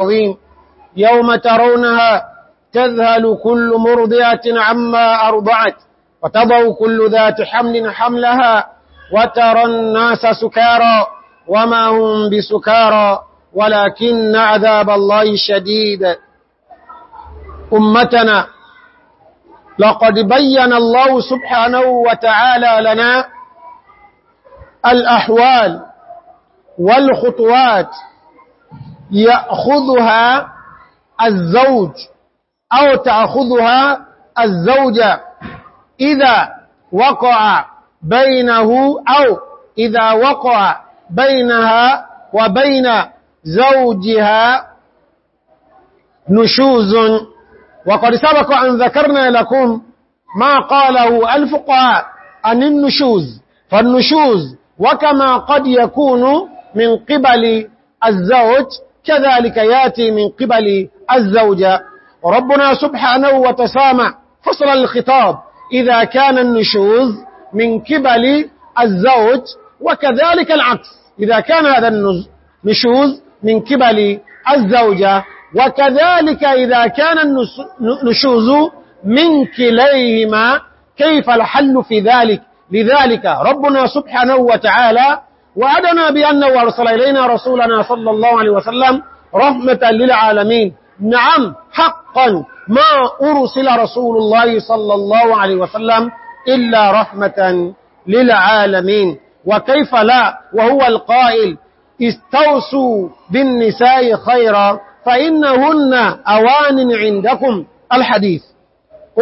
عظيم يوم ترونها تذهل كل مرضعة عما أرضعت وتضع كل ذات حمل حملها وترى الناس سكارى وما هم بسكارى ولكن عذاب الله شديد أمتنا لقد بين الله سبحانه وتعالى لنا الأحوال والخطوات يأخذها الزوج أو تأخذها الزوجة إذا وقع بينه أو إذا وقع بينها وبين زوجها نشوز وقد سبق أن ذكرنا لكم ما قاله الفقهاء عن النشوز فالنشوز وكما قد يكون من قبل الزوج كذلك ياتي من قبل الزوجة ربنا سبحانه وتسامع فصل الخطاب إذا كان النشوز من قبل الزوج وكذلك العكس إذا كان هذا النشوز من قبل الزوجة وكذلك إذا كان النشوز من كليهما كيف الحل في ذلك لذلك ربنا سبحانه وتعالى وأدنا بأنه أرسل إلينا رسولنا صلى الله عليه وسلم رحمة للعالمين نعم حقا ما أرسل رسول الله صلى الله عليه وسلم إلا رحمة للعالمين وكيف لا وهو القائل استوسوا بالنساء خيرا فإنهن أوان عندكم الحديث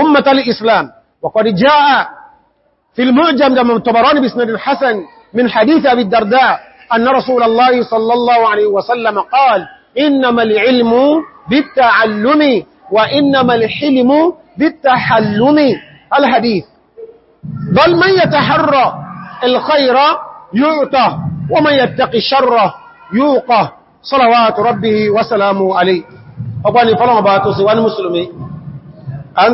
أمة الإسلام وقد جاء في المعجم لما تبران بسند الحسن من حديث أبي الدرداء أن رسول الله صلى الله عليه وسلم قال إنما العلم بالتعلم وإنما الحلم بالتحلم الحديث بل من يتحرى الخير يؤته ومن يتقي الشر يوقه صلوات ربه وسلامه عليه أباني فلما fọ́lọ́wọ́ bá tó sí wá ní musulmi a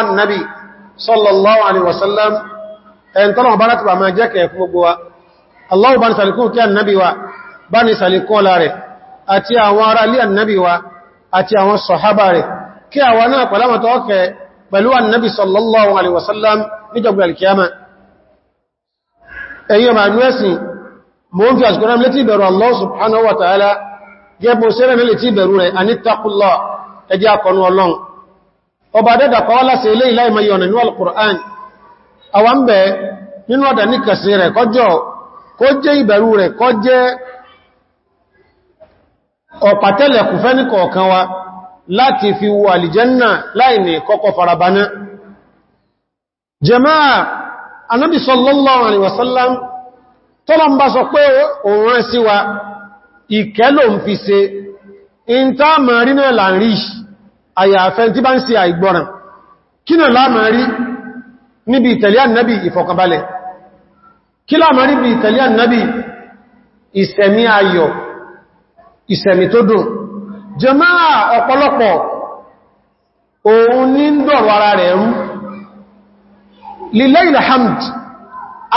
النبي صلى الله عليه وسلم ẹn tọ́nà ọba láti bàmà jẹ́ kẹ̀ẹ́ fún gbogbo wa Allahu bá ní sàlìkún kí annabi wa bá ní sàlìkún ọlá rẹ̀ àti àwọn ará ilé annabi wa àti àwọn sọ̀hábà rẹ̀ kí àwa náà pẹ̀lámọ̀tọ́ ọkẹ̀ pẹ̀lú annabi sallallahu alaihi wasallam níjọgbà alkiyama ẹ̀yẹ ma nú ẹ̀sìn mo ń fi àṣìkò rám létí ìbẹ̀rù Allah subhanahu wa ta'ala jẹ́ sẹ́rẹ̀ ní létí ìbẹ̀rù rẹ̀ a ní takùlọ ẹjẹ́ akọ̀nù ọlọ́run àwa ń bẹ nínú ọ̀dà ní kẹsì rẹ̀ kọjọ́ kó jẹ́ ìbẹ̀rù rẹ̀ lati jẹ́ ọ̀pàtẹ́lẹ̀ kù fẹ́ wa láti fi wo àlìjẹ́nà láìní kọ́kọ́ farabaná sallallahu alaihi wasallam tọ́lọ ń sọ wa fi in àyàfẹ́ tí bá ń ṣe àìgbọ́ràn kí náà níbi ìtẹ̀lé ànábì ìfọ̀kànbalẹ̀ kí láàmà níbi ìtẹ̀lé ànábì ìsẹ̀mí ayọ̀ ìsẹ̀mí tó dùn jàmáà ọ̀pọ̀lọpọ̀ òun ní dọ̀rọ̀ ara rẹ̀ rú lílẹ̀ ìlàhamd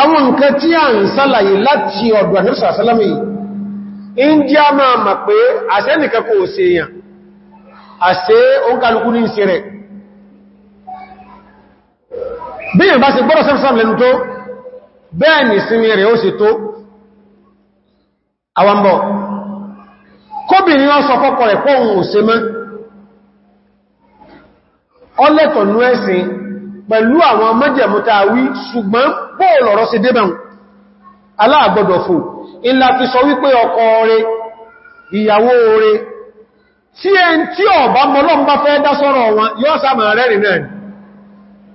àwọn nǹkan tí a ń sálàyé láti ọ̀dọ̀ àníṣà sálámì bí i bá ṣe gbọ́rọ̀ sẹ́rẹ̀sẹ́rẹ̀ lẹ́nu tó bẹ́ẹ̀ ni sinmi rẹ̀ ó sì tó àwambọ̀ kóbìnrin wọ́n sọ fọ́kọ̀ rẹ̀ pọ́ ohun òṣe mọ́ ọlẹ́tọ̀nú ẹ̀sìn pẹ̀lú àwọn mẹ́jẹ̀mútàwí ṣùgbọ́n bóòlọ̀rọ̀ sí débẹ̀un aláàgbọ́dọ̀ fò ilá fi sọ wípé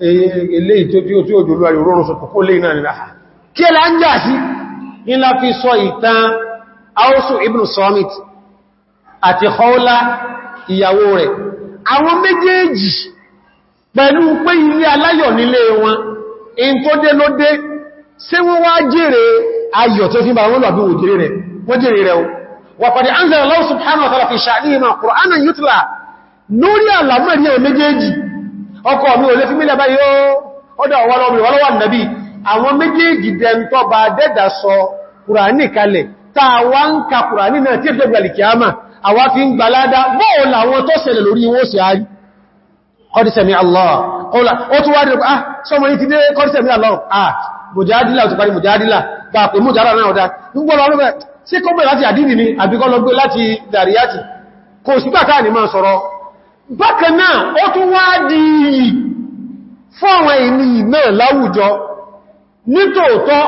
ilé eh, ìtójú tí ó jòlú ayò rọrùn sọ̀tọ̀ kó lè náà nìlá kí ẹlá ń jà sí nílá fi sọ ìtàn Ausu ibn Samit àti Khawla ìyàwó rẹ̀ àwọn méjèèjì pẹ̀lú pé ilé aláyọ̀ nílé wọn in tó dé ló dé ṣé wọ́n wá jèrè ayọ̀ tó fi bàrá wọn lọ́bí òjèrè rẹ̀ wọ́n jèrè rẹ̀ wa ọkọ̀ mi ò lè fún mílẹ̀ báyìí ọdọ̀ ọwọ́lọ́wọ́ nàbí àwọn méjèèjì dẹntọ́ bá dẹ́dà sọ kùránì kalẹ̀ táà wá ń ka kùránì náà tí èdè gbàlìkìámà àwá fi ń Allah ó tún wá ah sọmọ yìí ti dé Allah ah mùjádìlá ò ti parí mùjádìlá bá pè mùjádà náà ọ̀dá ń gbọ́ lọ́rọ̀ bẹ̀ sí kọ́gbẹ̀ ni àbíkọ́ lọ gbé láti dàríyàtì kò sígbà máa sọ̀rọ̀ bákan náà ó tún wá di iyì fún àwọn ènìyàn náà láwùjọ nítòótọ́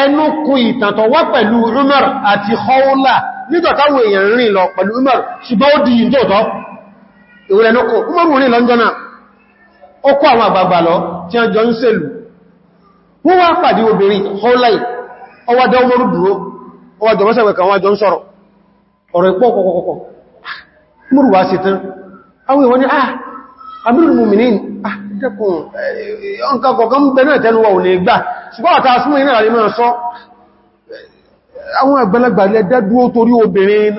ẹnukun ìtàntọ̀ wá pẹ̀lú Umar àti Khawla nítọ̀táwò èèyàn rìn lọ pẹ̀lú Umar ṣùgbọ́n ó di iyì nítòótọ́ ìwòrẹ̀ ẹnukun Umar rìn lọ́njọ́ náà ó kó àwọn àgbàgbà lọ tí a jọ ń sèlú wọ́n wá pàdé obìnrin Khawla ọwádọ́ Umaru sí tán àwọn ìwọ̀n ni ah abúrùn ah dẹ́kùn ọǹkan eh, kọ̀kan ń bẹ̀rẹ̀ tẹ́lúwà ò lè gbà ṣùgbọ́n àta súnmọ̀ iná àrí sọ àwọn àgbàlagbà lẹ dẹ́dúó torí obìnrin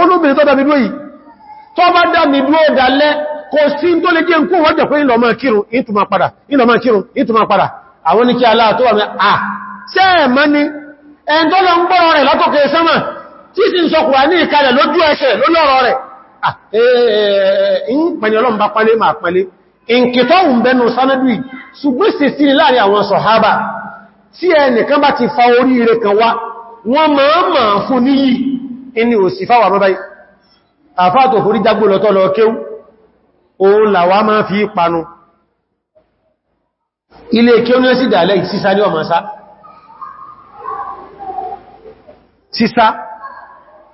olóbìnrin tó dábidúó yìí tó bá dábidúó dalẹ́ kò tí sí ń sọ Kùránì ìkalẹ̀ lójú ẹsẹ̀ lólọ́rọ̀ rẹ̀ ìpẹni ọlọ́run bá pálé máa pálé ìǹkìtọ́ òun bẹnu sánẹ́dùí ṣùgbọ́n sì sí láàrin àwọn sọ̀hábà tí ẹnìkan bá ti fa orí rẹ̀ kan wá wọ́n máa máa fún níyì inú òsì fáwà mọ́ báyìí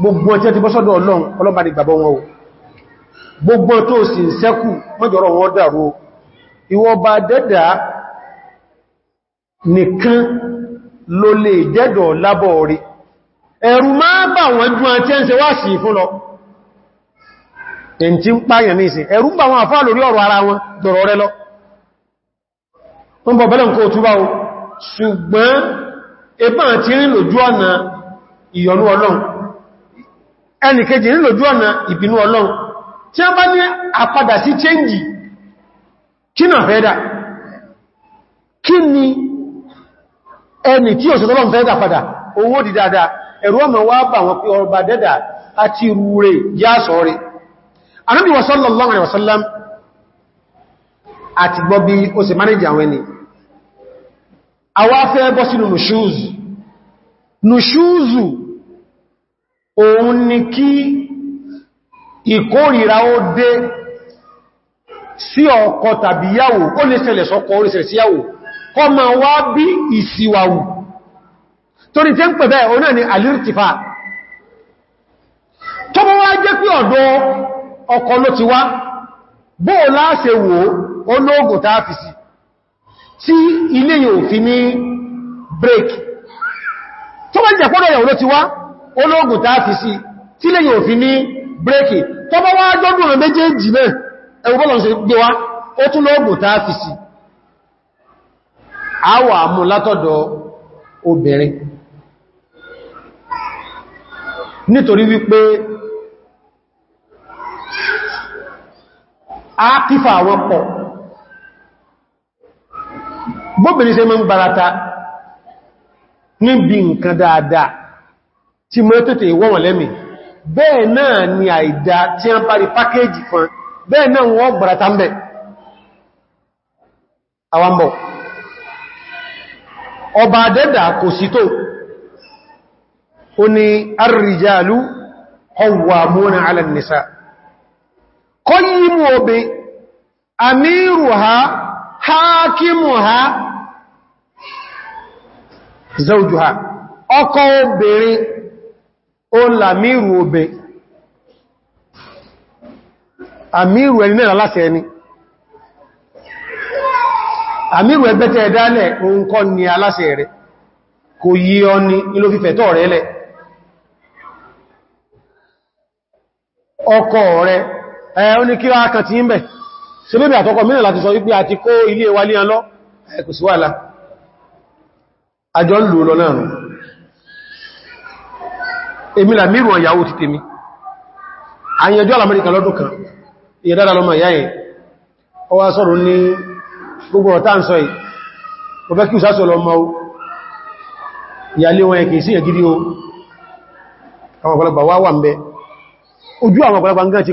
gbogbo ẹ̀tẹ́ ti bọ́sọ́dọ̀ ọlọ́run ọlọ́bà ní gbàbọ́ wọn o gbogbo tó sì ń sẹ́kù mọ́jọ̀rọ̀ wọn dàrú ìwọ bá dẹ́dà nìkan ló lè dẹ́dọ̀ lábọ̀ rí ẹ̀rù máa bà wọ́n jú àti ẹ́ ń ṣe wá sí fún lọ ẹ̀ntí ń pààyàn ní ìsìn ẹ̀rù bà wọn ìyọnú ọlọ́run ẹnìkejì ní lójú ọ̀nà ìbínú ọlọ́run tí a bá ní àpadà sí chẹ́njì kí náà fẹ́dà kí ni ẹni tí ò sọ́tọ́lọ́n fẹ́dà padà owó di dáadáa ẹ̀rù ọmọ wá bà wọn pé ọba dẹ́dà àti rúre yá sọ́rẹ̀ Ànábì òun ni kí ìkórìíra ó dé sí ọkọ tàbí yàwó ó lè ṣẹlẹ̀ sọ́kọ ó lè sí yàwó kọ ma wá bí ìsìwàwù torí tí ń pẹ̀ bẹ́ẹ̀ onáà ni alirtifa tó bọ́ wá jẹ́ pé ọ̀dọ̀ ọkọ ló ti wá bóò láàṣẹ wò olóògùn tàà break tó bá jẹ́ pọ́dọ̀ yàwó ló ológun tàà fi sí tí lè yóò fi ní bírèkì tó bá wá jọ́dún rẹ̀ méjèèjì náà ẹwọ bọ́lọ̀ gbé wá ó tún lóògùn tàà fi sí àwọ̀ àmú látọ̀dọ̀ obìnrin nítorí wípé a kífà àwọn pọ̀ tí mọ́ tètè wọ́n wọ́n lẹ́mì bẹ́ẹ̀ náà ni àìdá tí a ń parí pákéjì kan bẹ́ẹ̀ náà wọ́n gbàrátà mẹ́ àwambọ̀ ọba dẹ́dà kò sí tó ó ní ar-rijalu qawwamuna 'ala an-nisa qayyimu obi amiruha hakimuha obìnrin ó làmírù obè àmírù ẹni náà láṣẹ ẹni àmírù ẹgbẹ́ tẹ́ ẹ̀dálẹ̀ òun kọ́ ni aláṣẹ rẹ̀ kò yí ọ ni ilò fífẹ̀ tọ́ rẹ̀ lẹ̀ ọkọ rẹ̀ ẹ̀ ó ní kí wá kàn ti ń bẹ̀ ṣe èmi là mírù ọ̀yàwó ti tèmi àyẹjọ́ alamẹ́ríkà lọ́dún kan ìyẹ̀dára lọ́mọ ìyá yẹn ó wá sọ̀rọ̀ ní gbogbo ọ̀tá ń sọ ì ọ̀fẹ́ kí ìsásọ̀ lọ mọ́ ìyàlé wọn ẹ̀kì sí ẹ̀gidi o àwọn ọ̀pọ̀lọpọ̀ wá wà ń bẹ ojú àwọn ọ̀pọ̀lọpọ̀ hmm, ń gán ti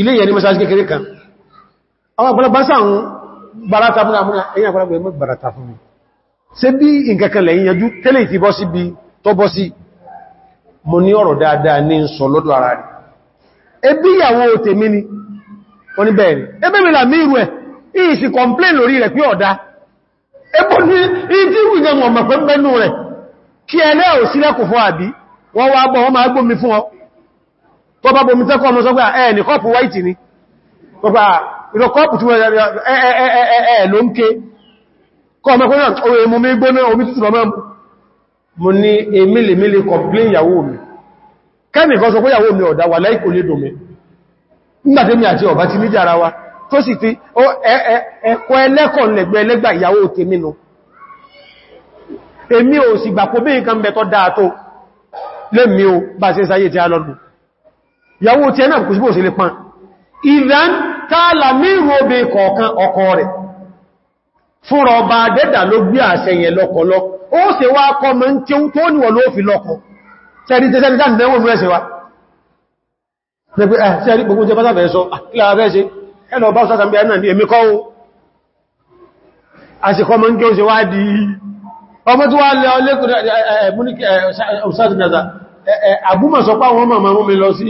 ilé yẹn ni mọ́sálásí kékeré kan àwọn àgbàlagbà sáàrùn barata fún àmúra ẹ̀yìn àgbàlagbà ẹ̀mọ́ barata fún mi ṣe bí nǹkankan lẹ́yìn yanjú tẹ́lẹ̀ ti bọ́ sí bí tọ́ bọ́ sí mo ní ọ̀rọ̀ dáadáa ní sọ lọ́dọ̀ ara rẹ̀ ẹbí ìyàwó tèmi ni wọ́n ni bẹ́ẹ̀rẹ̀ ẹbẹ́ mi làmí irú ẹ̀ ìsì kọ̀mplẹ́n lórí rẹ̀ pé ọ̀dá ẹbọ́ ní ìdí ìwìyàn ọmọ pẹ́mẹ́nu rẹ̀ kí ẹlẹ́ òsílẹ̀kù fún àbí wọ́n wá bọ́ wọ́n máa tó bá bomi tẹ́kọ́ ọmọ ẹ̀ eh, ní kọ́pù white ni pọ̀pá ah, ìrọ̀kọ́pù tí wọ́n ẹ̀ ló ń ké kọ́ ọmọkùn náà orí èmú mi gbóná omi tútù lọ́mọ́ mú ní emílèmílè complain ìyàwó mi kẹ́mì kan sọ pé ìyàwó mi ọ̀dá wà láìkò lè dòmí nígbàtẹ́mì àti ọ̀bá wa tó sì ti ẹ̀kọ́ ẹlẹ́kọ̀ọ́ lẹ̀gbẹ́ ẹlẹ́gbà ìyàwó tèmi nù èmi ò sì gbàpọ̀ bí nǹkan bẹ̀tọ́ dáa tó lẹ́mí o bá ṣe sáyé tí a lọ́dún ìyàwó tí ẹ̀nà kò síbò sí lè pan ìdán tààlà mírù obè kọ̀ọ̀kan ọkọ rẹ̀ fúnra ọba dẹ́dà ló gbé àṣẹ yẹn lọ́kọ̀lọ́ ó sì wá kọ́ mọ́ ń tí ó níwọ̀ ló fi lọ́kọ̀ tẹ́rí tẹ́rí tẹ́rí tẹ́rí tẹ́rí tẹ́rí tẹ́rí tẹ́rí tẹ́rí tẹ́rí tẹ́rí Àbúmọ̀ sọ pá wọn màmá wọn mi lọ sí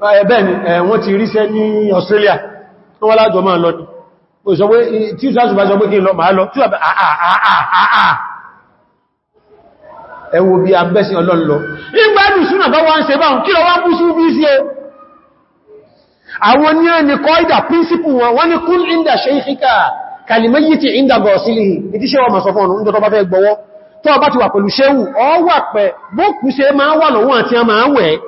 ẹ̀bẹ́ ah, eh, ni eh, wọ́n ti ríṣẹ́ ní Australia tó wọ́n lájọ máa lọ ní òṣọ́wé tí ó sáàṣù bá jọ pé kí n lọ máa lọ tí wọ́n ah, ah, ẹ wò bí àbẹ́sìn ọlọ́lọ́ ìgbẹ́lù súnà bá wọ́n ṣe báhùn kí lọ wọ́n bú sún bí sí ẹ àwọn ní ẹni kọ́ ìdà pínsípù wọn wọ́n ni kún ìdà ṣe ìkíkà kàlìmẹ́yì ti ìdà gọ̀ọ̀sílì ìdí ṣe wọ́n mọ̀sọ̀fọ́ ọ̀nà ìjọ tó bá fẹ́ gbọ́wọ́ tó bá ti wà pẹ̀lú ṣéwù ọ wà pẹ̀ bókù ṣe máa wà lọ́wọ́ àti a máa wẹ̀ẹ́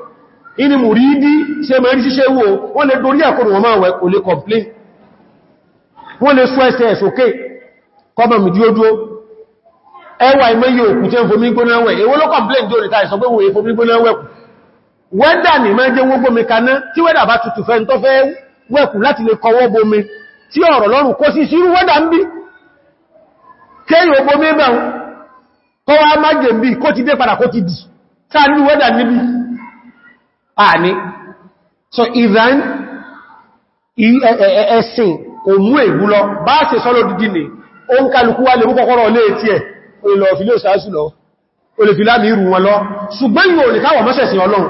inú mùrídí ṣe mẹ́rin ṣíṣẹ́ wo wọ́n lè dorí àkọrù wọn máa wẹ̀ kò lè complain wọ́n lè sọ ẹsẹ̀ ẹ̀sọ́kè kọmọ̀ mìdí ó dúó ẹwà ìmẹ́yẹ òkú tẹ́ fomi gbóná wẹ̀ èwo ló complain jò nìta ìsọ pé wo fomi gbóná wẹ̀kù wẹ́dà ní máa jẹ́ wógbó mi kaná tí wẹ́dà bá tutù fẹ́ tó fẹ́ wẹ̀kù láti lè kọwọ́ bomi tí ọ̀rọ̀ lọ́rùn wẹ́dà níbi àní so ìdán ẹ̀ẹ̀ẹ̀ẹ̀sìn e, e, e, kò mú ègbú lọ bá ṣe sọ́lọ́ dídí ní ó ń kálukú wá lè mú kọ́kọ́rọ̀ lé etí ẹ̀ olè fi lé òṣàásù lọ olè fi láàmì irú wọn lọ ṣùgbọ́n yóò ní káwọ̀ mọ́sẹ̀sìn ọlọ́run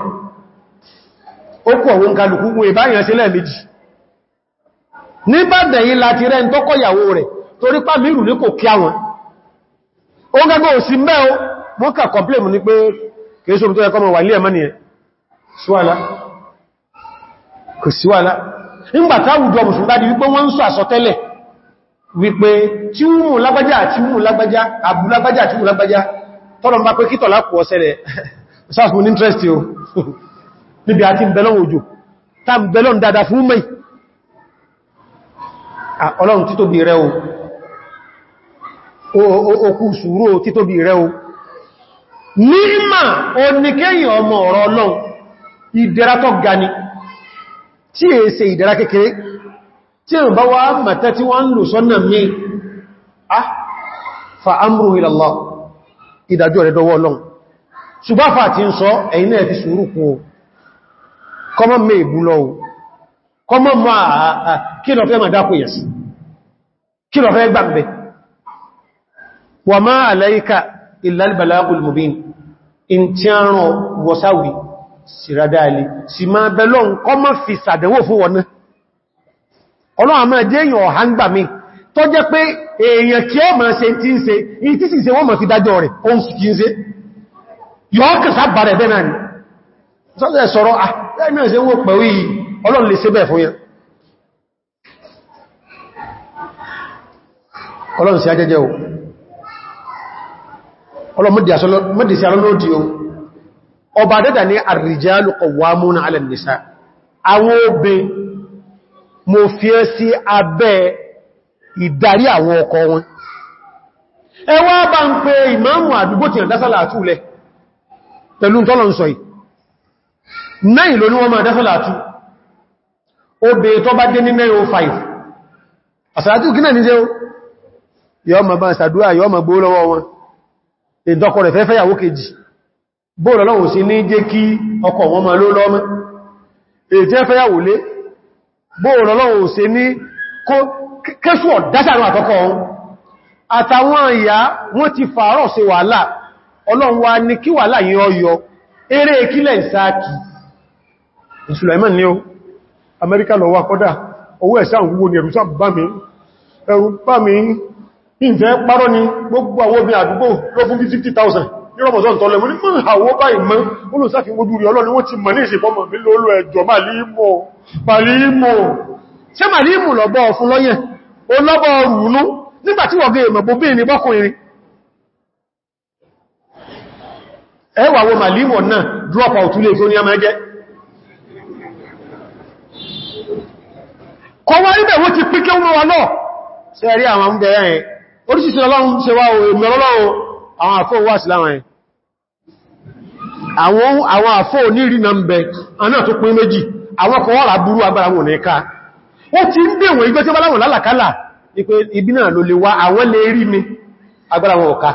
ó sí lẹ́ẹ̀mejì o ṣúwàlá kò síwàlá nígbàtá àwùjọ mùsùn bá di wípé wọ́n ń sọ àsọtẹ́lẹ̀ wípé tí wùn lágbájá àti wùn lágbájá àbú lágbájá àti wùn lágbájá tọ́lọ̀ bá pé kítọ̀ lápù ọ̀sẹ̀rẹ̀ sáàsùn interest o níbi belon òjò tá belon dada fún mẹ́ ọlọ́run títóbi rẹ o okú sùúrò títóbi rẹ o níma oníkẹ́yìn ọmọ ọ̀rọ̀ ọlọ́run ìdẹ̀ra tó gani tí è ṣe ìdẹ̀ra kékeré tí è bá wá mẹ́tẹ́ tí wọ́n ń lò sọ́nà mí ah fa amruhu ila Allah ìdájọ́ rẹ̀ dọwọ́ Ọlọ́run ṣùgbáfà ti ń sọ ẹ̀yin náà fi sùúrù kú o kọmọ mẹ́ ìbúlọ o kọmọ mọ́ ah, ah, ah, kí lọ fẹ́ in ti ń rán wọ́sáwìí síradáàlì sì máa bẹ̀lọ́ nǹkan mọ́ fi sàdẹ̀wò fún wọná ọlọ́wà máa jẹ́ èèyàn ọ̀há ń gbà mí tó jẹ́ pé èèyàn kí ọ máa ṣe tí ń ṣe yìí tí sì ṣe wọ́n máa fi dájọ́ rẹ̀ ó ń fi ṣe yọ́ kẹsà bàrẹ̀ bẹ́ náà ni sọ́sẹ̀ sọ̀rọ̀ àmì ọ̀sẹ̀ wó pẹ̀wí ọlọ́run lè ṣe bẹ́ẹ̀ fún yẹn ọlọ́run sí ọba dẹ́dà ní ar-rijalu qawwamuna 'ala an-nisa àwọn obè mo fi ẹ́ sí abẹ́ ìdarí àwọn ọkọ wọn ẹwà bá ń pe ìmáàmù àdúgbò tí àdásálà àtúlẹ̀ pẹ̀lú tọ́lọ̀nsọ̀ yìí náà ló ní wọ́n máa dásálà àtú obè tó bá dé ní 905 àsàlátù kí náà ní jẹ́ bóòlọ̀ lọ́wọ́ sí ní jẹ́ kí ọkọ wọn ma ló lọ́mọ́ èyí tí ẹ fẹ́ yàwó lé bóòlọ̀ lọ́wọ́ sí ní kéṣù ọ̀dáṣàrún àkọ́kọ́ wọn àtàwọn ìyá wọ́n ti fàárọ̀ sí wàhálà ọlọ́run wá ní kí wàhálà yìí ọyọ eré kílẹ̀ ìsáàkì Sulaiman ni ẹ̀rù sáàbù bá mi ẹ̀rù bá mi ìfẹ́ parọ́ ni gbogbo àwọn 50,000 ní Ramadan tọ́lẹ̀ mú ní mọ́ àwọ́ báyìí mọ́ olùsáfin ojú rí ọlọ́ni wọ́n ti mọ̀ ní ìṣẹ́fọ́mọ̀ mi lóòlò ẹjọ́ màlímọ̀ màlímọ̀ ṣe màlímọ̀ lọ́bọ̀ fún lọ́yẹ̀ o lọ́bọ̀ rùnú nígbàtí wọ̀gẹ́ ìmọ̀bọ̀ bí ní bọ́kùnrin ẹwà wo màlímọ̀ náà drop out lè tó ní a mẹ́jẹ́ kọwàá ibẹ̀ wó ti pínkẹ́ àwọn afọ wà sí láwọn ẹ̀ àwọn àfó na ń bẹ aná tó pín méjì àwọn kan wọ́n búrú agbára wọn ní ká wọ́n ti ń bèèwọ̀n tí wọ́n lálàkálà ipé ibi náà ló lè wá àwọn lè rí mi agbára wọn ọ̀ká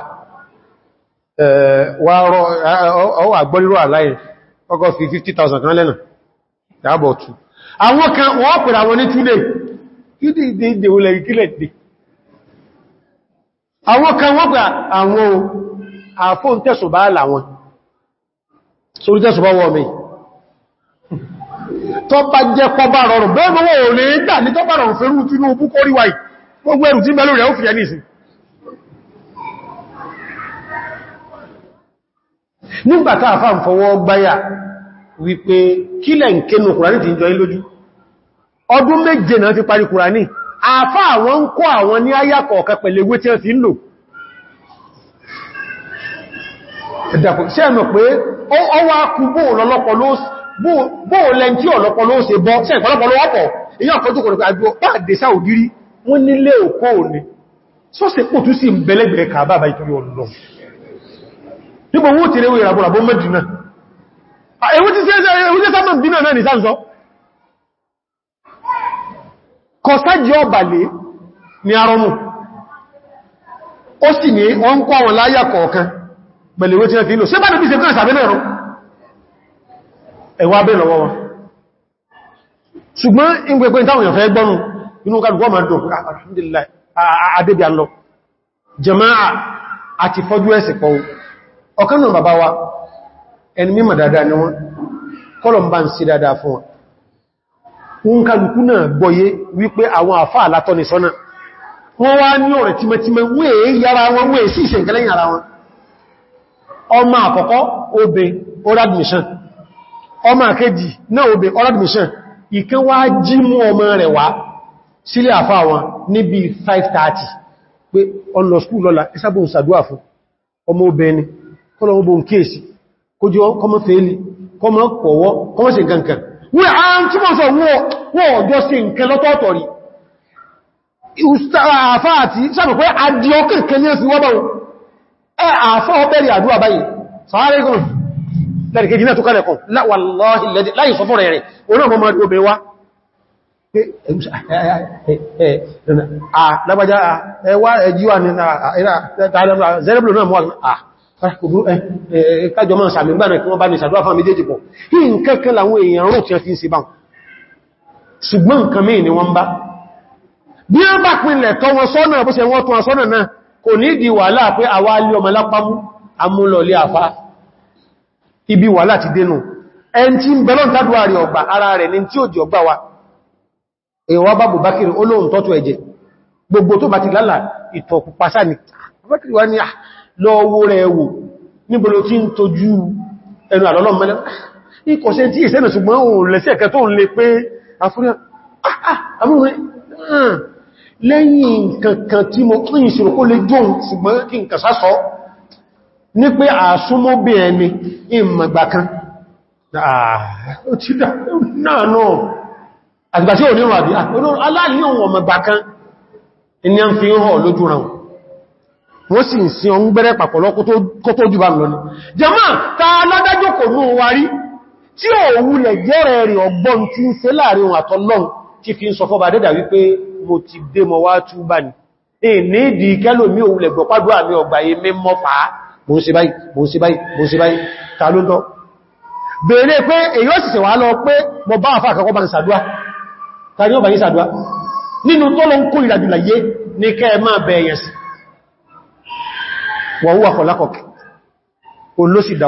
wọ́n àwọn kan wọ́n gbà àwọn àfóhùn tẹ́sù bá láwọn sórí tẹ́sù bá wọ́n mi tó bá jẹ́ pọ́bá rọrùn bẹ́ẹ̀ mọ́ wọ́n lè dà ní tó bá rọrùn fẹ́rú Tinubu kó ríwá yìí gbogbo ẹrù tí mẹ́lú rẹ̀ ó fi àfá àwọn ń kọ́ àwọn ní ayàkọ̀ ọ̀kẹ́ pẹ̀lẹ̀ ewé tí wọ́n fi ń lò ẹ̀dàpọ̀ sí ẹ̀mọ̀ pé ó wá kú bóòlẹ̀ tí ọ̀lọ́pọ̀ ló ṣe bọ́ sí ẹ̀kọ́lọ́pọ̀ ló wọ́pọ̀ èyàn kọjú kò nípa àjò pàdé sáòdírí wọ́n nílé òkó ní sọ́sẹ̀ pò tún sí ìbẹ̀lẹ̀gbẹ̀rẹ̀ kàbàbà ìtorí ọlọ́ nígbò wó tèrè ìràbùràbó mẹ́dínà kọsájì ọbàlé ni arọ́nù ó sì ní wọ́n kọ́ wọn láyà kọ̀ọ̀kan pẹ̀lẹ̀wé tí wọ́n fi lò sí bá níbi ìsẹ̀kọ́ ìsàbẹ́ mẹ́rún ẹ̀wà abẹ́ lọ́wọ́ wọn ṣùgbọ́n ìgbẹ̀gbẹ̀ ìtàwọn èèyàn fẹ́ ah, alhamdulillah ah, ah, adébí alọ́ jama'a àti fọ́jú ẹ̀sẹ̀ pọ̀ ọ̀kan náà bàbá wa ẹni mímọ̀ wọ́n kàlùkú náà gbọ́yé wípé àwọn àfá àlátọ́ ni sọ́nà wọ́n wá ní ọ̀rẹ̀ tímẹ́tímẹ́ wéé yára wọn wéé sí ìṣẹ̀ǹkẹ́lẹ́yìn ara wọn ọmọ àkọ́kọ́ obe oral ọmọ àkejì náà obe oral admission wá jí mú ọmọ rẹ̀ wá sílé àfá wọn níbi 5:30 pé ọlọ lọ́la wọ́n a ń túnmọ̀ sọ wọ́n ọjọ́ sí nǹkan lọ́tọ̀ọ̀tọ̀ rí àfá àti sàbẹ̀kọ́ àdíọ́kẹ̀ kẹni ẹ̀sìn wọ́bọ̀ ẹ àfá ọbẹ̀rẹ̀ àdúwà báyìí sàárẹ́ gùn lẹ́rìkẹ́ jìnà tó kálẹ̀ kan wàláhì láì sọ fọ́rẹ̀ rẹ̀ oná mọ́ obẹ̀ wá lábájá ẹwà ẹjíwà ní àà Ah, eh, eh, kájọ máa sàmì gbára kí wọ́n bá ní ṣàdúrà fún àmìdéjì pọ̀. yìí nǹkan kan láwọn èèyàn rò tí a fi ń ṣe báhùn ṣùgbọ́n nǹkan mìí ni wọ́n bá bí a bá pínlẹ̀ tọ́ wọn sọ́nà bó ṣe wọ́n tún sọ́nà náà kò ní di wàhálà pé àwa alé ibi wàhálà ti dénú ẹn tí ń bẹ̀lọ́n tàdúwà rẹ̀ ọgbà ara rẹ̀ ní tí ó di ọgbà wa èwà bá bùbákiri lọ́wọ́ rẹ̀ wò níbolo tí ń tojú ẹnu àlọ́lọ́m mẹ́lẹ́ ikọ̀ se tí ìsẹ́nà ṣùgbọ́n òun lẹ́sẹ̀ ẹ̀kẹ́ tó ń lè pé afúrí ah, ah, ah, lẹ́yìn kankan tí mo kí ìṣòro kó lè jọun ṣùgbọ́n kí n kàsá sọ ní pé àṣúmọ́bí ẹni ìmọ̀gbà kan ò ní ọ̀rọ̀ àbí aláàlú ọmọ ọmọ ìgbà kan ni a ń fi ń hàn lójú ràn wọ́n sì ń sin ọmú gbẹ́rẹ́ pàpọ̀lọ́ kó tó jùbá lọ ní jẹmọ́ ta aládájọ́ kò ní wárí tí ó wulẹ̀ jẹ́rẹ̀ rẹ̀ ọgbọ́n tí ń ṣe láàrin ohun àtọ́lọ́n tí fi ń sọ fọ́bà dẹ́dà wípé mo ti dé mọ wá túbá ní èní ìdí kẹ́lò mí òwúlẹ̀ gbọ́pádùá mi mo ń ṣe báyìí mo ń ṣe báyìí mo ń ṣe báyìí ta ló tọ́ bèèrè mo bá àfà àkọ́kọ́ bá ń sàdúwà ta ni ó bá yí sàdúwà nínú tó lọ ń máa bẹ̀ẹ̀yẹ̀ sí wọ̀húwà kọlákọ̀kì olóṣìdá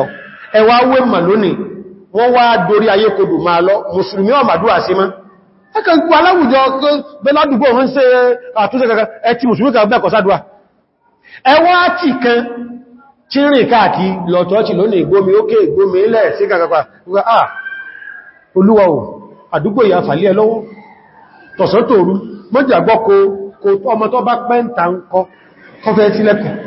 ẹwà awé mà lónìí wọ́n wá dorí ayé kodò máa lọ musulmi ọmàdúwà sí má aláwùjọ bẹ́ládùgbò ń ṣe àtúnṣe kankan ẹti musulmi kan bẹ́ẹ̀kọ́ ẹwà kan káàkì lọ́tọ́ọ̀tì lónìí ókè ilẹ̀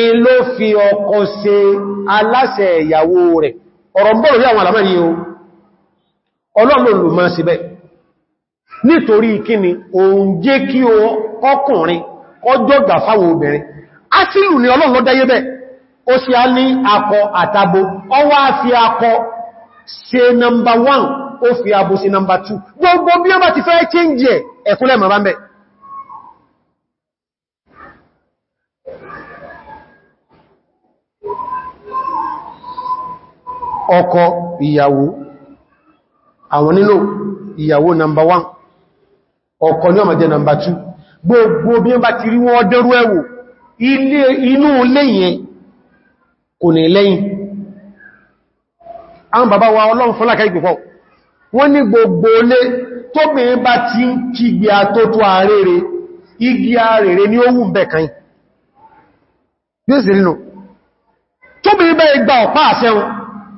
in ló fi ọkọ se aláṣẹ ìyàwó rẹ̀ ọ̀rọ̀ bọ́rọ̀ rí àwọn àlàmọ́ yíò ọlọ́lọ́lù máa sí bẹ́ nítorí kíni òun jẹ́ kí ọkùnrin ọjọ́ gbà fáwọn obìnrin asílù ni ọlọ́lọ́ dáyé bẹ́ o sì akọ fi akọ ṣe number one ó fi abo number two gbogbo bí bá ti fẹ́ change ẹ̀ ẹ̀kúnlẹ̀ ọkọ ìyàwó àwọn nínú ìyàwó nàmbà 1 ọkọ ní ọmọdé nàmbà 2 gbogbo bí wọ́n bá ti rí wọ́n dẹ́rú ẹ̀wò inú lẹ́yìn kò ní lẹ́yìn àwọn bàbá wa ọlọ́run fọ́lákà ìgbòfọ́ wọ́n ní gbogbo olé tó bèé bá ti ń kígbe àtótó àrẹ́rẹ́ igi àrẹ́rẹ́ ní ó wù bẹ̀kan yóò sì rínú tó bèé bá igba ọ̀pá àṣẹ́wọ̀n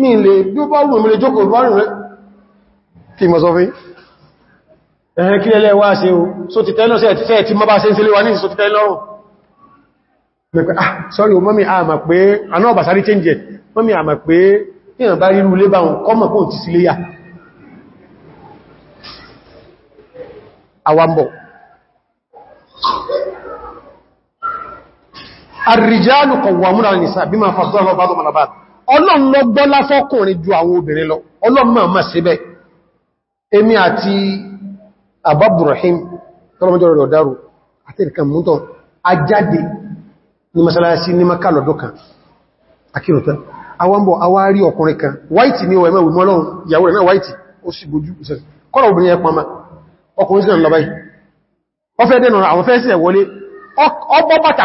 mi lè bí ó bá wù mí lè jókòó rúwárùn rẹ̀ kí mọ̀ sọ fí ẹ̀hẹ́ kí lẹ́lẹ́ wá sí o so ti tẹ́lọ sí ẹ̀ tí mọ́ bá se ń sílé wa ní so ti tẹ́lọ mẹ́kọ̀ ah sorry o mọ́mí àmà pé aná ọ̀bàsárí change it mọ́mí àmà pé èèyàn bá rírú lé báhùn kọ́mọ̀ kó ti sílé yà àwambọ̀ الرجال قوامون على النساء بما فضل الله بعضهم على بعض ọlọ́run lọ gbọ́ láfọ́kùnrin ju àwọn obìnrin lọ ọlọ́run máa máa síbẹ̀ èmi àti àbábùrọ̀hìm tọ́lọ́mọjọ́ rẹ̀ ọ̀dárò àti ìrìkan mútọ̀ ajáde ní masalasi ní maka lọ́dọ́ kan akírọ̀tán awambo awárí ọkùnrin kan white ní ọwẹ́ mẹ́wẹ̀ mọ́lọ́run ìyàwó white ó sì gbójú ìsẹ̀sẹ̀ kọ́rọ̀ obìnrin ẹpa ma ọkùnrin sínà lọ́báyìí ọ fẹ́ dẹ̀nà àwọn fẹ́ sí ẹ̀wọlé ọ bọ́ bàtà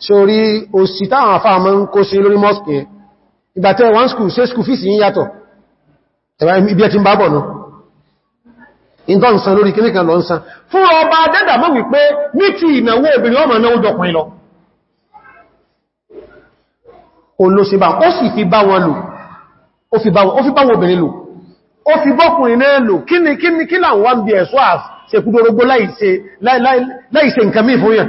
sórí òsì táwọn àfáà mọ́ ń kó sí lórí mọ́sùkì ẹ̀ ìgbàtẹ́ wọ́n skùl sí skùl fíìsì yí yàtọ̀ ẹ̀wà ibi ẹ̀ ti ń bá bọ̀ náà ìntọ́ ǹsan lórí kíníkan lọ ǹsan fún ọba dẹ́dà mọ́ wípé ní ti ìnáwó obìnrin ọmọ náà jọkùnrin lọ olóṣèbà ó sì fi bá wọn lò ó fi bá wọn obìnrin lò ó fi bọ́kùnrin náà lò kíni kíni kí làwọn wá ń bí ẹ̀ṣọ́ àṣẹ́kúdórógbó láìṣe nǹkan mí fún yàn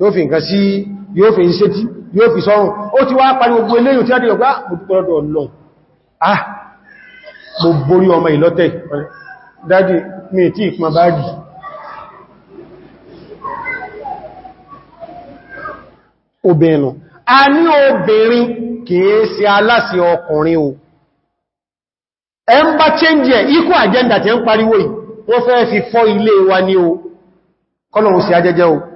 yóò fi nǹkan sí yóò fi ìṣẹ́tí yóò fi sọ́run ó ti wá parí gbogbo eléyìn tí a dìyàn gbá mọ̀túkọ́lọ́dọ̀ ah mo borí ọmọ ìlọ́tẹ̀ dájí mi tí ìpín báàgì obìnrin a ní obìnrin kìí sí aláṣẹ ọkùnrin o ẹ ń bá change ẹ̀ ikú agenda tí ń pariwo yìí wọ́n fi fọ́ ilé wa ní o kọ́lọ̀wọ́ si o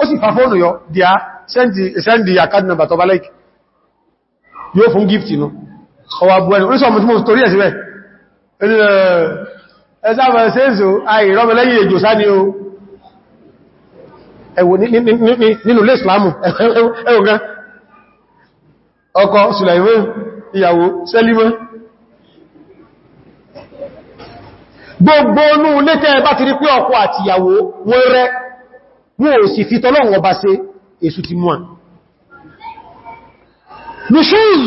ó sì fàfóònù yọ di a sẹ́ndì àkádì nàbà tọba lẹ́kì yóò fún gift inú ọwà bú ẹni oníṣọ́ mọ̀tí mọ̀ torí ẹ̀síwẹ̀ ẹ̀sàbà ṣeéṣò àìrọ́mọlẹ́yìn èjò sáni o ẹ̀wò nínú lè islamu ẹ̀wò gan ọkọ Sulaiman ìyàwó Selima gbogbo onú létẹ́ bá ti rí pé ọkọ àti ìyàwó wọ́n rẹ̀ wọn ò sì fi tọ́lọ́run ọba ṣe èṣù ti mọ́ nìṣíyì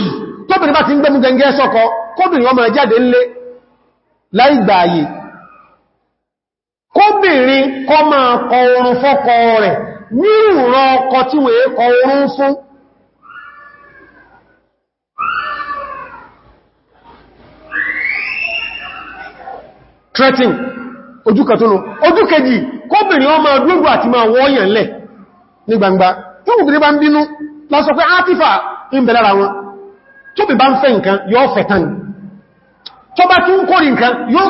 tóbìnrin bá ti ń gbẹ́mú gẹngẹ́ sọ́kọ kóbìnrin ọmọ jáde ńlé láì gbààyè kóbìnrin kọ máa kọ orun fọ́kọ rẹ̀ nírùnrọ ọkọ tí wọ́n kọ orun fún threatening ojúkà tó nù ojúkẹjì kóbìnrin ọmọ ọdúnrún àti máa wọ́ọ̀yàn lẹ̀ ní gbangba tó kùbìnrin bá ń bínú lọ́sọ pé átífà ń wọn tó bí bá ń fẹ́ nǹkan yóò fẹ́ tán tó bá tún nǹkan yóò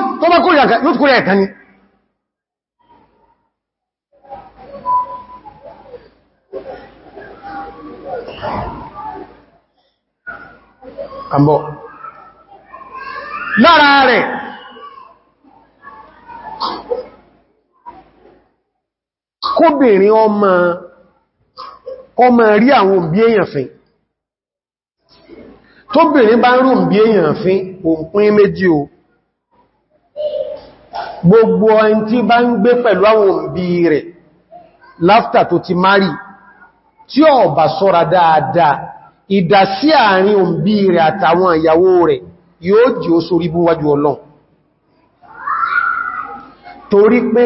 kóbìnrin ọmọ ọmọ rí àwọn òbí èèyàn fín tóbìnrin bá ń rò bí èèyàn fín òǹpín méjì o gbogbo ẹni tí bá ń gbé pẹ̀lú àwọn òbí rẹ̀ láftà tó ti márì tí ó bá ṣọ́ra dáadáa ìdásí àárín òbí rẹ̀ àtàwọn ìyàwó rẹ̀ yóò jí ó sórí búwájú ọlọ́run torí pé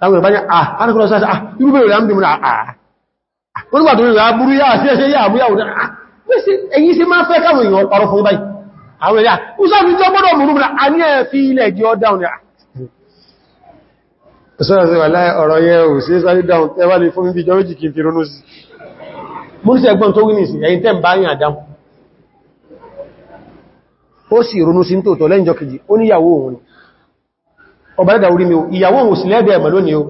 láwọn ìbájá àkọ́lọ́ sáà ah irúgbèrè rẹ̀ ń bí mú náà àà wọ́n nígbà tó rí rẹ̀ burú yáà sí ẹ̀ṣẹ́ yáà múyàwó náà èyí sí máa fẹ́ káwọn èèyàn parọ́ fún báyìí àwọn èèyàn ìsáàfi tó gbọ́dọ̀ múrú múra a ní ẹ̀fí ilẹ̀ jẹ́ ọ́dáun ni ó sì ronú sí tòótọ́ lẹ́yìn jọ kejì ó níyàwó òun ni ọba ẹ̀dà orí mi o ìyàwó òun sì lẹ́ẹ̀dẹ̀ ẹ̀mọ̀ lónìí o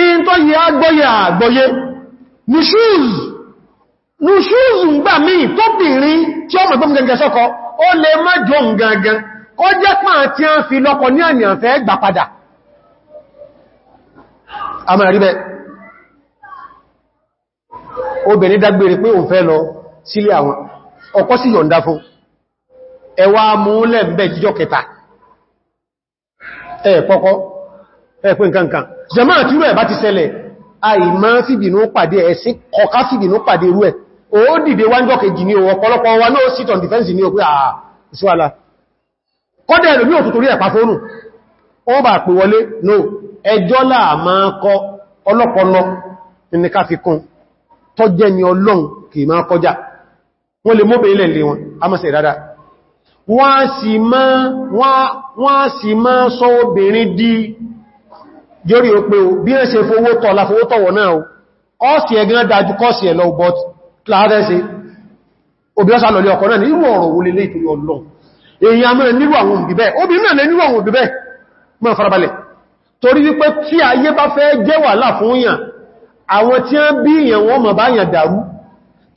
in tó yí agbóyẹ àgbóyẹ nùṣúùzù ń gbà míì tó bìnrin tí ó mọ̀gbọ́n gẹngẹ sọ́kọ ó lè má obìnrin dágbére pé òun fẹ́ lọ sílé àwọn ọkọ sí yọ̀ǹda fún ẹwà múlẹ̀ ń bẹ jíjọ kẹta ẹ pọ́kọ́ ẹ pín kankan jẹmọ́ àtúrò ẹ̀ bá ti ṣẹlẹ̀ àìmá fìbìnú pàdé ẹ̀sí kọká fìbìnú pàdé rú ẹ̀ ó dìde wájọ́ kejì ní ọ̀pọ̀lọpọ̀ wa náà sit on defense ní òpin àà ìṣúwàlá no ẹjọ́ láà máa kọ ọlọ́pọ̀lọ́ ní ni ọlọ́run kì máa kọjá wọ́n lè mọ́bẹ̀ ilẹ̀ ilẹ̀ wọn a mọ́ sí ìdádá wọ́n sì má sọ obìnrin di jórí o pé o bí ẹ́ ṣe fowó tọ́ láfowó tọ̀wọ̀ náà o ọ́sì ẹ̀gán dájú kọ́sì ẹ̀ lọ but kláàdẹ́sẹ̀ obìnrin ọ̀sà lọ́lẹ́ ọkọ̀ náà ní irú ọ̀rọ̀ wọlé lé ìtòrí ọlọ́ èyàn mẹ́rin nírú àwọn òbíbẹ́ obìnrin náà nírú àwọn òbíbẹ́ mọ́ farabalẹ̀ torí wípé tí ayé bá fẹ́ jẹ́wà láfún yàn àwọn tí wọ́n bí yàn wọ́n mọ̀ bá yàn dàrú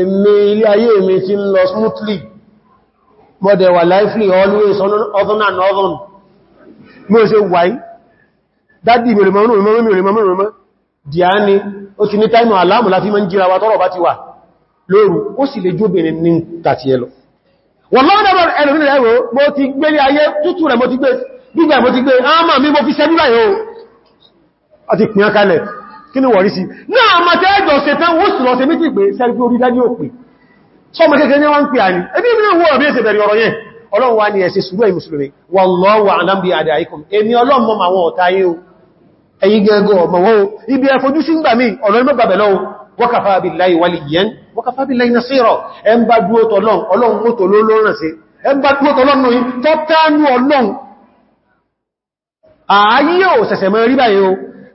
èmì ilé ayé èmì ti ń lọ smoothly but they were lively always other than other mú ṣe wáyé dádì mẹ́rin mọ́rin mọ́rin mẹ́rin mọ́rin mọ́rin dìáni ó ti ní táìmù aláàmù láti mọ́ ń jíra wa tọ́rọ bá ti wà lóòrù ó sì lè jóbìnrin ní tàti ẹlọ wọ́n lọ́wọ́ dẹ̀rọ ẹ̀rùn ilẹ̀ ẹ̀rọ mo ti gbé ní ayé tútù rẹ̀ mo ti gbé gbígbà mo ti gbé ámà mi mo fi ṣẹ́ kí ni wọ̀rí sí náà ma tẹ́ ẹjọ́ ṣe tán ó sì lọ ṣe méjì pé sẹ́rí pé orí dání ò pè sọmọ kékeré ní wọ́n ń pè à ní ẹbí mi náà wọ́n bí ẹsẹ̀ bẹ̀rẹ̀ ọ̀rọ̀ yẹn ọlọ́run wá ní bi a'daikum èmi ọlọ́run mọ̀ àwọn ọ̀tá yín o ẹ̀yin gẹ́gọ́ ọmọ wọn o ibi ẹ fojú sí ń gbà mí ọ̀rọ̀ mẹ́gbà bẹ̀ lọ́wọ́ wa nasira ẹ ń bá dúó tọ́lọ́n ọlọ́run mú tó lóràn sí ẹ ń bá dúó tọ́lọ́nà yìí tọ́tánú ọlọ́run ààyè ò rí báyìí o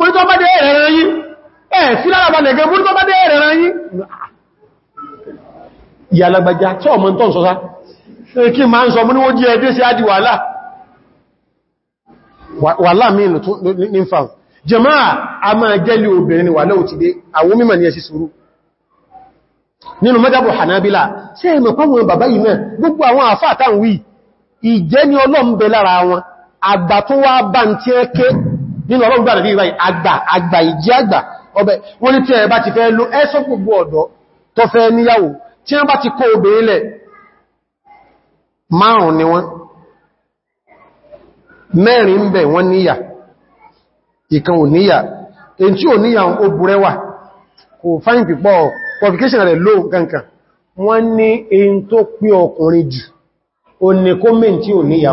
múrí tó bá dé ẹ̀rẹ̀ yìí ẹ̀ sí lára balẹ̀ gẹ múrí tó bá dé ẹ̀rẹ̀ yìí ìyàlagbàjá tí ọmọ tó ń sọ́sá kí máa ń sọ mú níwó jí ẹdé sí àdí wàhálà wàhálà mìíràn ní fà jẹmáà a máa jẹ́lì obìnrin ni wàhálà òtìdé àwọn mímọ̀ ní ẹsì sùúrù nínú mẹ́jàbọ̀ Hanabila sí ẹ̀mọ̀ pàwọn bàbá yìí náà gbogbo àwọn àfáà táwọn wí ìjẹ́ ni ọlọ́m̀bẹ̀ lára wọn àgbà nínú ọlọ́run gbà nàbí àgbà àgbà ìjí àgbà ọbẹ̀ wọ́n ní tí ẹ bá ti fẹ́ ló ẹ́sọ́ gbogbo ọ̀dọ́ tó fẹ́ níyàwó tí wọ́n bá ti kó obìnrin lẹ̀ márùn ni wọ́n mẹ́rin ń bẹ̀ wọ́n níyà ìkan ò níyà èyí tí ò níyà ó burẹ́wà kò fáyìn pípọ̀ qualification rẹ̀ ló kankan wọ́n ní èyí tó pí ọkùnrin jù ò ní kó mẹ́ ò níyà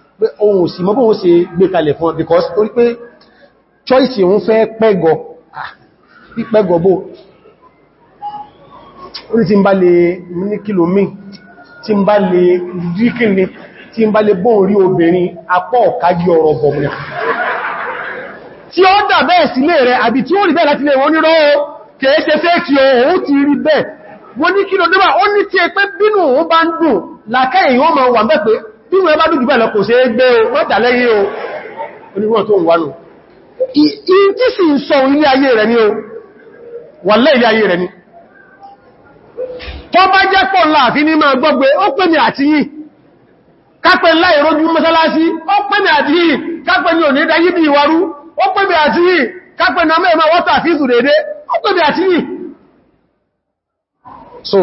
pé ohun sí mọ́ bó wọ́n ṣe gbé kalẹ̀ fún because orí pé choice òun fẹ́ pẹ́gọ pípẹ́gọ ah, bó orí tí ń bá lè ní kìlò mí tí ń bá lè rí kìlì tí ń bá lè bóhùn rí obìnrin apọ́ ọ̀kájí ọ̀rọ̀ bọ̀mùnà tí ó dà bẹ́ẹ̀ sílé rẹ̀ àbí tí ó rí bẹ́ẹ̀ láti lè wọ́n nírọ́ kẹ́ẹ́ṣẹ́ ní kí lọ dọ́bà ó ní tí ẹ pé bínú òun bá ń dùn làkẹ́ èyàn ọmọ wà mẹ́ bí wọ́n bá dùgbà lọ kò ṣe é gbé o wọ́n tàlẹ́yìn o oníwọ̀n tó ń wà nù in tí sì ń sọ ilé ayé rẹ̀ ni o wà lẹ́ ilé ayé rẹ̀ ni bá jẹ́ ní máa gbọ́gbé ó pè ní kápẹ́ láì rójú mọ́sálásí ó pè ní kápẹ́ na ó so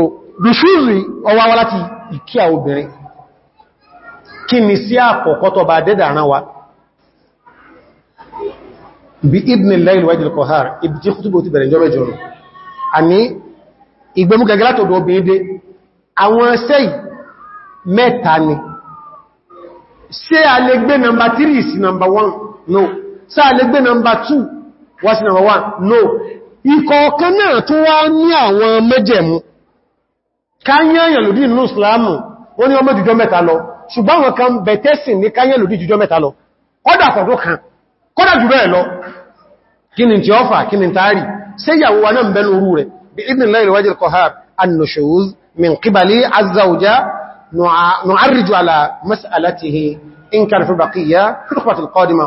kí ni sí àkọ́kọ́ tó bá dẹ́dà rán wa bí ibn lail wajil kohar ibi tí kútùbò ti bẹ̀rẹ̀ jọmẹ́jọ rọ̀ àní ìgbẹ̀mú gẹ̀gẹ́lá tó dọ̀ bèèdè àwọn ṣẹ́ mẹ́ta ni ṣé a lè gbé nọmbà 3 sí nọmbà 1 no ṣé a lè gbé nọmbà 2 wá sí nọmbà 1 no ìkọ̀ọ̀kan náà tó wá ní àwọn mẹ́jẹ̀mú káyẹ̀yàn lòdí nínú islamu wọ́n ní ọmọ jùjọ mẹ́ta lọ ṣùgbọ́n wọn kan bẹ̀tẹ́sìn ní káyẹ̀ lòdí jùjọ mẹ́ta lọ kọ́dà kọ̀dọ̀ kan kọ́dà jù bẹ́ẹ̀ lọ kí ni tí ọfà kí ni taari sí ìyàwó wa náà ń bẹ́nu orú rẹ̀ bí idhnillahi al-wajil qahhar an-nushuz min qibali az-zawja nu'arriju ala mas'alatihi in kana fi baqiyya fi al-khutbah al-qadima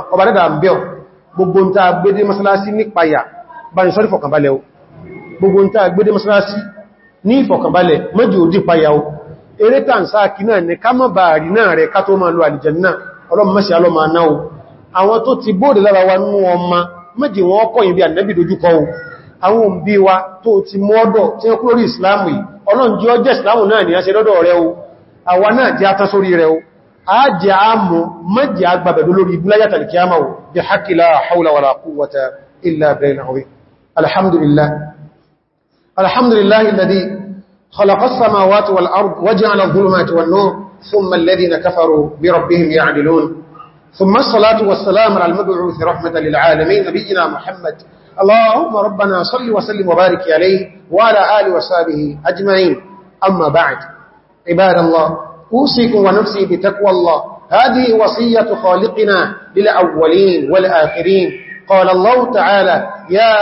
ìfọ̀kànbalẹ̀ mẹ́jì ò dí payà o eré tàǹsáàkì náà ní ká mọ́ bàárí náà rẹ̀ ká tó máa lo àlìjẹ̀nà ọlọ́mọ́sí alọ́mà náà àwọn tó ti bóòdè lára wa nú ọmọ méjì wọn kọ́ ìbí ànẹ́bì dojúkọ àwọn òbí wa tó ti mọ́ọ́dọ̀ tí ó kúrò ìsìláàmù yìí ọlọ́run jí ọjẹ́ ìsìláàmù náà ni a ṣe lọ́dọ̀ rẹ̀ o àwa náà jẹ́ atán خلق السماوات والأرض وجعل الظلمات والنور ثم الذين كفروا بربهم يعدلون ثم الصلاة والسلام على المبعوث رحمة للعالمين نبينا محمد اللهم ربنا صل وسلم وبارك عليه وعلى آل وسابه أجمعين أما بعد عباد الله أوسيكم ونفسي بتقوى الله هذه وصية خالقنا للأولين والآخرين قال الله تعالى يا